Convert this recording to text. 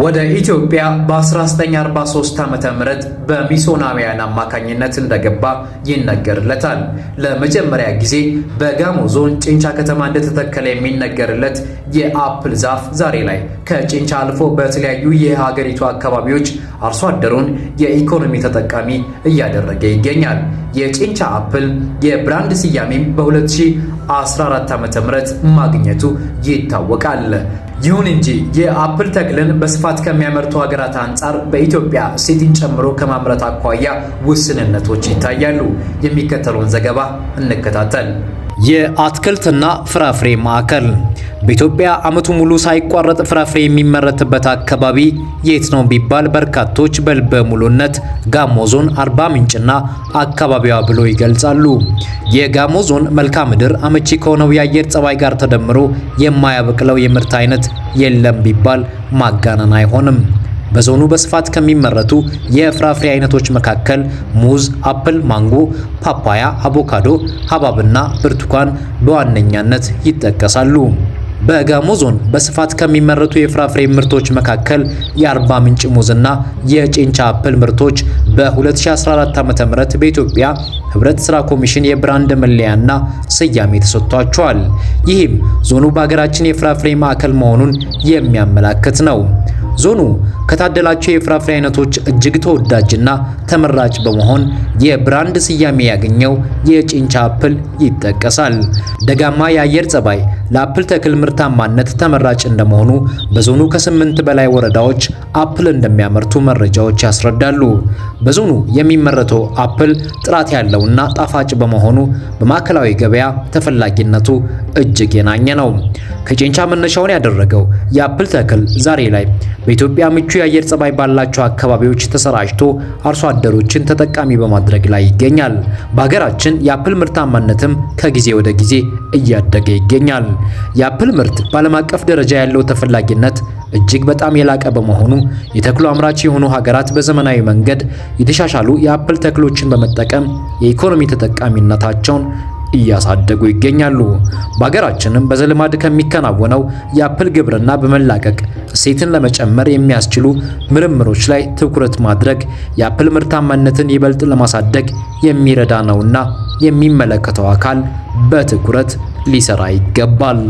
ወደ ኢትዮጵያ በ1943 ዓ ም በሚሶናውያን አማካኝነት እንደገባ ይነገርለታል። ለመጀመሪያ ጊዜ በጋሞ ዞን ጭንቻ ከተማ እንደተተከለ የሚነገርለት የአፕል ዛፍ ዛሬ ላይ ከጭንቻ አልፎ በተለያዩ የሀገሪቱ አካባቢዎች አርሶ አደሩን የኢኮኖሚ ተጠቃሚ እያደረገ ይገኛል። የጭንቻ አፕል የብራንድ ስያሜም በ2014 ዓ ም ማግኘቱ ይታወቃል። ይሁን እንጂ የአፕል ተክልን በስፋት ከሚያመርቱ ሀገራት አንጻር በኢትዮጵያ ሴቲን ጨምሮ ከማምረት አኳያ ውስንነቶች ይታያሉ። የሚከተለውን ዘገባ እንከታተል። የአትክልትና ፍራፍሬ ማዕከል በኢትዮጵያ ዓመቱ ሙሉ ሳይቋረጥ ፍራፍሬ የሚመረትበት አካባቢ የት ነው ቢባል በርካቶች በልበ ሙሉነት ጋሞ ዞን አርባ ምንጭና አካባቢዋ ብሎ ይገልጻሉ። የጋሞ ዞን መልክዓ ምድር አመቺ ከሆነው የአየር ጸባይ ጋር ተደምሮ የማያበቅለው የምርት አይነት የለም ቢባል ማጋነን አይሆንም። በዞኑ በስፋት ከሚመረቱ የፍራፍሬ አይነቶች መካከል ሙዝ፣ አፕል፣ ማንጎ፣ ፓፓያ፣ አቮካዶ፣ ሀባብና ብርቱካን በዋነኛነት ይጠቀሳሉ። በጋሞ ዞን በስፋት ከሚመረቱ የፍራፍሬ ምርቶች መካከል የአርባ ምንጭ ሙዝና የጭንቻ አፕል ምርቶች በ2014 ዓ.ም በኢትዮጵያ ህብረት ስራ ኮሚሽን የብራንድ መለያና ስያሜ ተሰጥቷቸዋል። ይህም ዞኑ በሀገራችን የፍራፍሬ ማዕከል መሆኑን የሚያመላክት ነው። ዞኑ ከታደላቸው የፍራፍሬ አይነቶች እጅግ ተወዳጅና ተመራጭ በመሆን የብራንድ ስያሜ ያገኘው የጭንቻ አፕል ይጠቀሳል። ደጋማ የአየር ጸባይ ለአፕል ተክል ምርታማነት ተመራጭ እንደመሆኑ በዞኑ ከስምንት በላይ ወረዳዎች አፕል እንደሚያመርቱ መረጃዎች ያስረዳሉ። በዞኑ የሚመረተው አፕል ጥራት ያለውና ጣፋጭ በመሆኑ በማዕከላዊ ገበያ ተፈላጊነቱ እጅግ የናኘ ነው። ከጭንቻ መነሻውን ያደረገው የአፕል ተክል ዛሬ ላይ በኢትዮጵያ ምቹ የአየር ጸባይ ባላቸው አካባቢዎች ተሰራጭቶ አርሶ አደሮችን ተጠቃሚ በማድረግ ላይ ይገኛል። በሀገራችን የአፕል ምርታማነትም ከጊዜ ወደ ጊዜ እያደገ ይገኛል። የአፕል ምርት በዓለም አቀፍ ደረጃ ያለው ተፈላጊነት እጅግ በጣም የላቀ በመሆኑ የተክሉ አምራች የሆኑ ሀገራት በዘመናዊ መንገድ የተሻሻሉ የአፕል ተክሎችን በመጠቀም የኢኮኖሚ ተጠቃሚነታቸውን እያሳደጉ ይገኛሉ። በሀገራችንም በዘልማድ ከሚከናወነው የአፕል ግብርና በመላቀቅ እሴትን ለመጨመር የሚያስችሉ ምርምሮች ላይ ትኩረት ማድረግ የአፕል ምርታማነትን ይበልጥ ለማሳደግ የሚረዳ ነውና የሚመለከተው አካል በትኩረት ሊሰራ ይገባል።